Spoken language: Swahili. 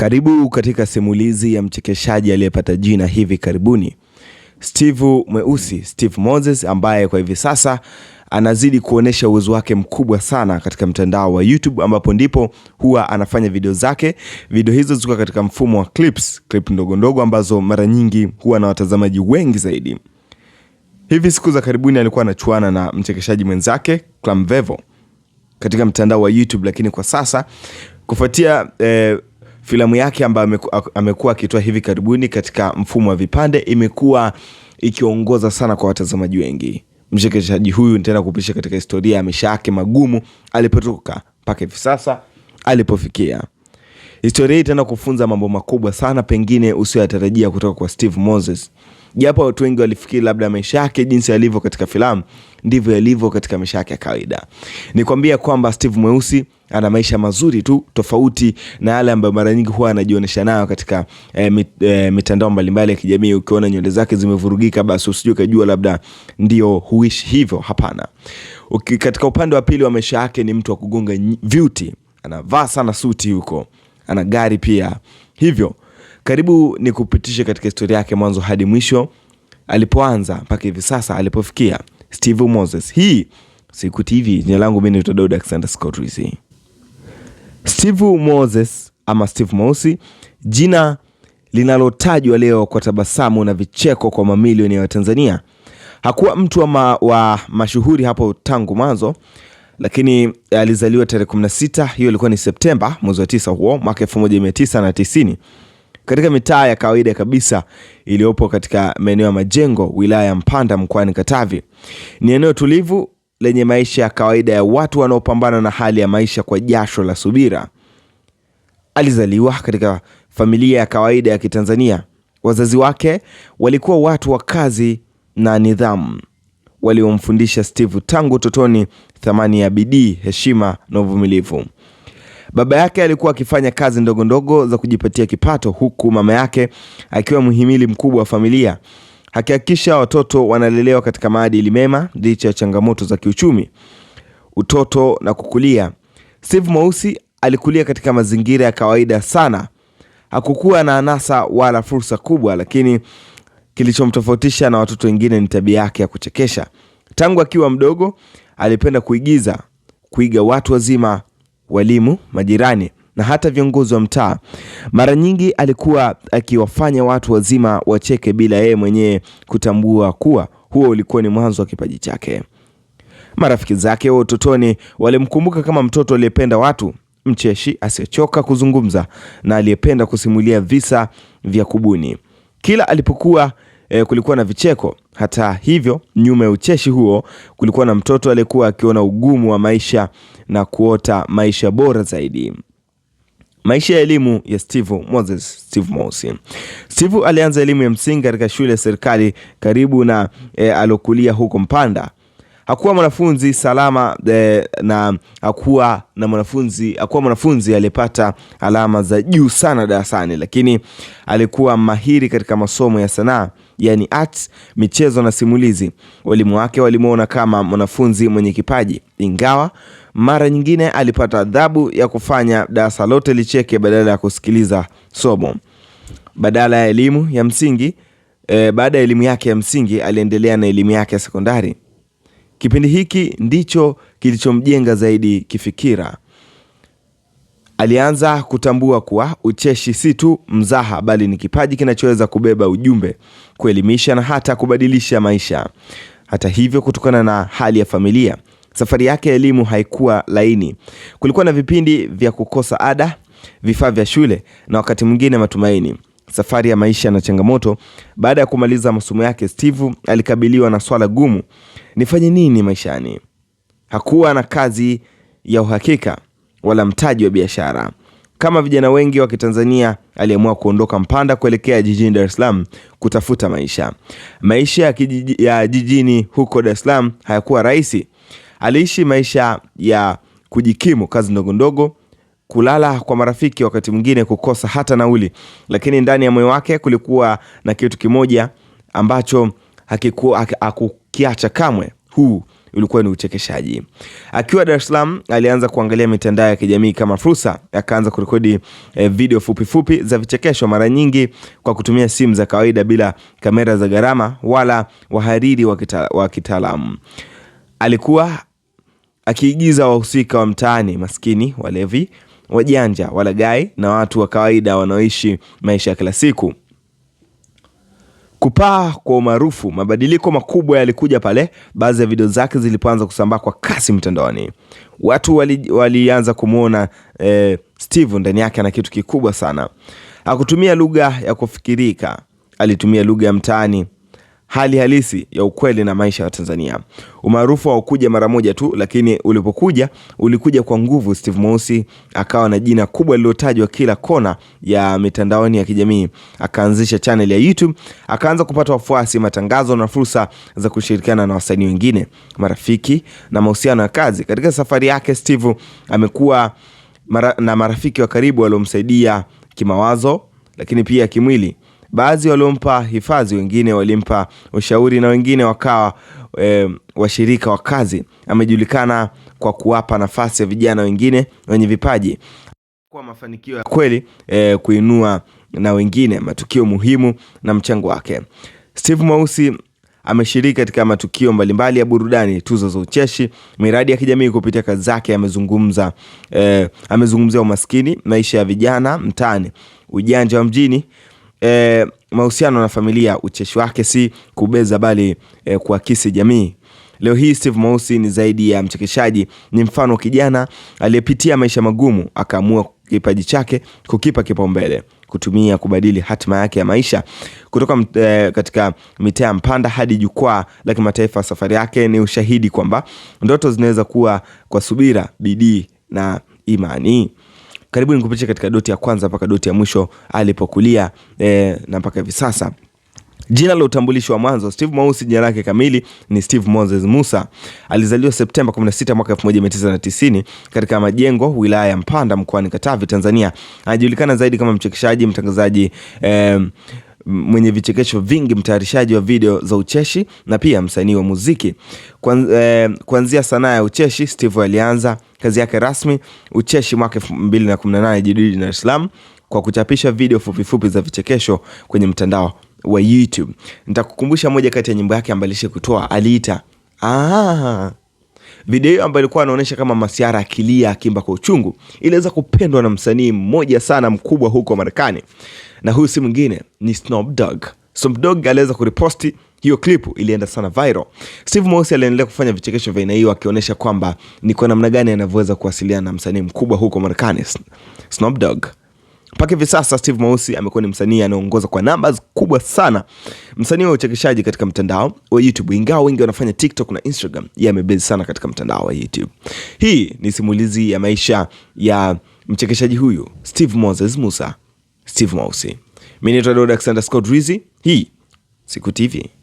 Karibu katika simulizi ya mchekeshaji aliyepata jina hivi karibuni, Steve Mweusi, Steve Moses, ambaye kwa hivi sasa anazidi kuonyesha uwezo wake mkubwa sana katika mtandao wa YouTube ambapo ndipo huwa anafanya video zake. Video hizo ziko katika mfumo wa clips, clip ndogo ndogo ambazo mara nyingi huwa na watazamaji wengi zaidi. Hivi siku za karibuni alikuwa anachuana na mchekeshaji mwenzake Clamvevo katika mtandao wa YouTube, lakini kwa sasa kufuatia eh, Filamu yake ambayo amekuwa akitoa hivi karibuni katika mfumo wa vipande imekuwa ikiongoza sana kwa watazamaji wengi. Mchekeshaji huyu nitaenda kupisha katika historia ya maisha yake magumu alipotoka mpaka hivi sasa alipofikia. Historia hii itaenda kufunza mambo makubwa sana, pengine usiyoyatarajia kutoka kwa Steve Moses japo watu wengi walifikiri labda maisha yake jinsi yalivyo katika filamu ndivyo yalivyo katika maisha yake ya kawaida. Nikwambia kwamba Steve Mweusi ana maisha mazuri tu, tofauti na yale ambayo mara nyingi huwa anajionyesha nayo katika e, mit, e, mitandao mbalimbali ya kijamii. Ukiona nywele zake zimevurugika, basi usijue kajua labda ndio huishi hivyo. Hapana. Katika upande wa pili wa maisha yake ni mtu wa kugonga vyuti, anavaa sana suti huko, ana gari pia hivyo karibu ni kupitishe katika historia yake mwanzo hadi mwisho, alipoanza mpaka hivi sasa alipofikia. Steve Moses, hii Siku TV. Jina langu mimi ni Daud Alexander Scott Rizzi. Steve Moses ama Steve Mosi, jina linalotajwa leo kwa tabasamu na vicheko kwa mamilioni ya Watanzania. Hakuwa mtu wa, ma, wa mashuhuri hapo tangu mwanzo, lakini alizaliwa tarehe 16, hiyo ilikuwa ni Septemba mwezi wa 9 huo mwaka 1990 katika mitaa ya kawaida kabisa iliyopo katika maeneo ya Majengo, wilaya ya Mpanda, mkoani Katavi. Ni eneo tulivu lenye maisha ya kawaida ya watu wanaopambana na hali ya maisha kwa jasho la subira. Alizaliwa katika familia ya kawaida ya Kitanzania. Wazazi wake walikuwa watu wa kazi na nidhamu, waliomfundisha Steve tangu utotoni thamani ya bidii, heshima na uvumilivu. Baba yake alikuwa akifanya kazi ndogo ndogo za kujipatia kipato, huku mama yake akiwa mhimili mkubwa wa familia, akihakikisha watoto wanalelewa katika maadili mema licha ya changamoto za kiuchumi. Utoto na kukulia. Steve Mweusi alikulia katika mazingira ya kawaida sana. Hakukuwa na anasa wala fursa kubwa, lakini kilichomtofautisha na watoto wengine ni tabia yake ya kuchekesha. Tangu akiwa mdogo alipenda kuigiza, kuiga watu wazima walimu, majirani na hata viongozi wa mtaa. Mara nyingi alikuwa akiwafanya watu wazima wacheke bila yeye mwenyewe kutambua kuwa huo ulikuwa ni mwanzo wa kipaji chake. Marafiki zake wa utotoni walimkumbuka kama mtoto aliyependa watu, mcheshi asiyechoka kuzungumza na aliyependa kusimulia visa vya kubuni. Kila alipokuwa e, kulikuwa na vicheko hata hivyo, nyuma ya ucheshi huo kulikuwa na mtoto aliyekuwa akiona ugumu wa maisha na kuota maisha bora zaidi. Maisha ya elimu ya Steve Moses, Steve Mosi. Steve alianza elimu ya msingi katika shule ya serikali karibu na e, alokulia huko Mpanda. Hakuwa mwanafunzi salama e, na hakuwa na mwanafunzi hakuwa mwanafunzi aliyepata alama za juu sana darasani, lakini alikuwa mahiri katika masomo ya sanaa yani arts, michezo na simulizi. Walimu wake walimwona kama mwanafunzi mwenye kipaji, ingawa mara nyingine alipata adhabu ya kufanya darasa lote licheke badala ya kusikiliza somo. Badala ya elimu ya msingi e, baada ya elimu yake ya msingi aliendelea na elimu yake ya sekondari. Kipindi hiki ndicho kilichomjenga zaidi kifikira. Alianza kutambua kuwa ucheshi si tu mzaha bali ni kipaji kinachoweza kubeba ujumbe, kuelimisha na hata kubadilisha maisha. Hata hivyo, kutokana na hali ya familia, safari yake ya elimu haikuwa laini. Kulikuwa na vipindi vya kukosa ada, vifaa vya shule na wakati mwingine matumaini. Safari ya maisha na changamoto. Baada ya kumaliza masomo yake, Steve alikabiliwa na swala gumu: nifanye nini maishani? Hakuwa na kazi ya uhakika wala mtaji wa biashara. Kama vijana wengi wa Kitanzania aliamua kuondoka Mpanda kuelekea jijini Dar es Salaam kutafuta maisha. Maisha ya, kijiji, ya jijini huko Dar es Salaam hayakuwa rahisi. Aliishi maisha ya kujikimu, kazi ndogo ndogo, kulala kwa marafiki, wakati mwingine kukosa hata nauli, lakini ndani ya moyo wake kulikuwa na kitu kimoja ambacho hakikuwa hakukiacha kamwe. Huu ulikuwa ni uchekeshaji. Akiwa Dar es Salaam, alianza kuangalia mitandao ya kijamii kama fursa, akaanza kurekodi eh, video fupi fupi za vichekesho, mara nyingi kwa kutumia simu za kawaida bila kamera za gharama wala wahariri wa kitaalamu. Alikuwa akiigiza wahusika wa mtaani, maskini, walevi, wajanja, walagai na watu wa kawaida wanaoishi maisha ya kila siku. Kupaa kwa umaarufu. Mabadiliko makubwa yalikuja pale baadhi ya video zake zilipoanza kusambaa kwa kasi mtandaoni. Watu walianza wali kumwona eh, Steve ndani yake ana kitu kikubwa sana. Hakutumia lugha ya kufikirika, alitumia lugha ya mtaani hali halisi ya ukweli na maisha ya Tanzania. Umaarufu haukuja mara moja tu, lakini ulipokuja ulikuja kwa nguvu. Steve Mweusi akawa na jina kubwa lililotajwa kila kona ya mitandaoni ya kijamii, akaanzisha channel ya YouTube, akaanza kupata wafuasi, matangazo na fursa za kushirikiana na wasanii wengine, marafiki na mahusiano ya kazi. Katika safari yake, Steve amekuwa mara, na marafiki wa karibu waliomsaidia kimawazo, lakini pia kimwili Baadhi waliompa hifadhi, wengine walimpa ushauri na wengine wakawa e, washirika wa kazi. Amejulikana kwa kuwapa nafasi ya vijana wengine wenye vipaji kwa mafanikio ya kweli e, kuinua na wengine matukio muhimu na mchango wake. Steve Mweusi ameshiriki katika matukio mbalimbali ya burudani, tuzo za ucheshi, miradi ya kijamii. Kupitia kazi zake amezungumza eh, amezungumzia umaskini, maisha ya vijana mtaani, ujanja wa mjini, e, mahusiano na familia, ucheshi wake si kubeza, bali e, kuakisi jamii. Leo hii Steve Mweusi ni zaidi ya mchekeshaji, ni mfano wa kijana aliyepitia maisha magumu akaamua kipaji chake kukipa kipaumbele, kutumia kubadili hatima yake ya maisha kutoka e, katika mitaa ya Mpanda hadi jukwaa la kimataifa. Safari yake ni ushahidi kwamba ndoto zinaweza kuwa kwa subira, bidii na imani karibu nikupitishe katika doti ya kwanza mpaka doti ya mwisho alipokulia e, na mpaka hivi sasa. Jina la utambulisho wa mwanzo Steve Mweusi, jina lake kamili ni Steve Moses Musa. Alizaliwa Septemba 16 mwaka 1990 katika Majengo, wilaya ya Mpanda, mkoani Katavi, Tanzania. Anajulikana zaidi kama mchekeshaji, mtangazaji eh, mwenye vichekesho vingi, mtayarishaji wa video za ucheshi na pia msanii wa muziki. Eh, kuanzia sanaa ya ucheshi, Steve alianza kazi yake rasmi ucheshi mwaka 2018 jijini Dar es Salaam kwa kuchapisha video fupifupi za vichekesho kwenye mtandao wa YouTube. Nitakukumbusha moja kati ya nyimbo yake ambayo alishakutoa aliita Video hiyo ambayo ilikuwa anaonyesha kama Masiara akilia akimba kwa uchungu iliweza kupendwa na msanii mmoja sana mkubwa huko Marekani, na huyu si mwingine ni Snoop Dogg. Snoop Dogg aliweza kuriposti hiyo klipu ilienda sana viral. Steve Mosi aliendelea kufanya vichekesho vya aina hiyo akionyesha kwamba ni kwa namna gani anavyoweza kuwasiliana na msanii mkubwa huko Marekani, Snoop Dogg. Mpaka hivi sasa Steve Mweusi amekuwa ni msanii anaongoza kwa numbers kubwa sana, msanii wa uchekeshaji katika mtandao wa YouTube, ingawa wengi wanafanya TikTok na Instagram, yeye amebezi sana katika mtandao wa YouTube. Hii ni simulizi ya maisha ya mchekeshaji huyu Steve Moses Musa, Steve Mweusi. Mimi ni Dodax Scott Rizzi, hii Siku TV.